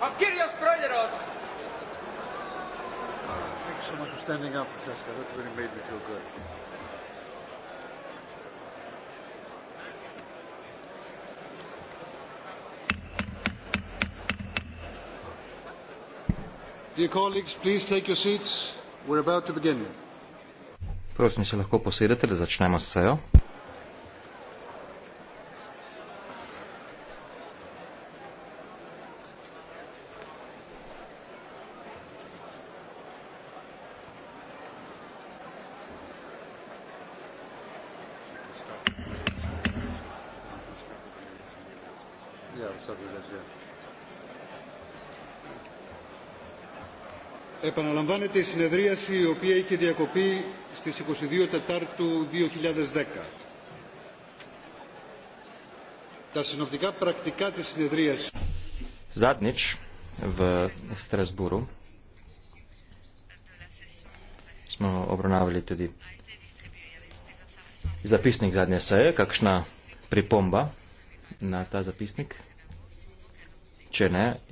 A kjer jaz pravi raz? I think so much for standing up, Francesca. That really made me feel good. Dear colleagues, please take your seats. We're about to begin. Prosim, se lahko posedete, da začnemo s sejo. Ja, vsak dan se. Επαναλαμβάνεται η συνεδρίαση η οποία είχε διακοπεί στις 22 Τετάρτου 2010. Τα συνοπτικά πρακτικά της συνεδρίασης... Ζάτνιτς, в Στρασβούρου, сме обронавали туди записник задния сая, какшна припомба на та записник če ne,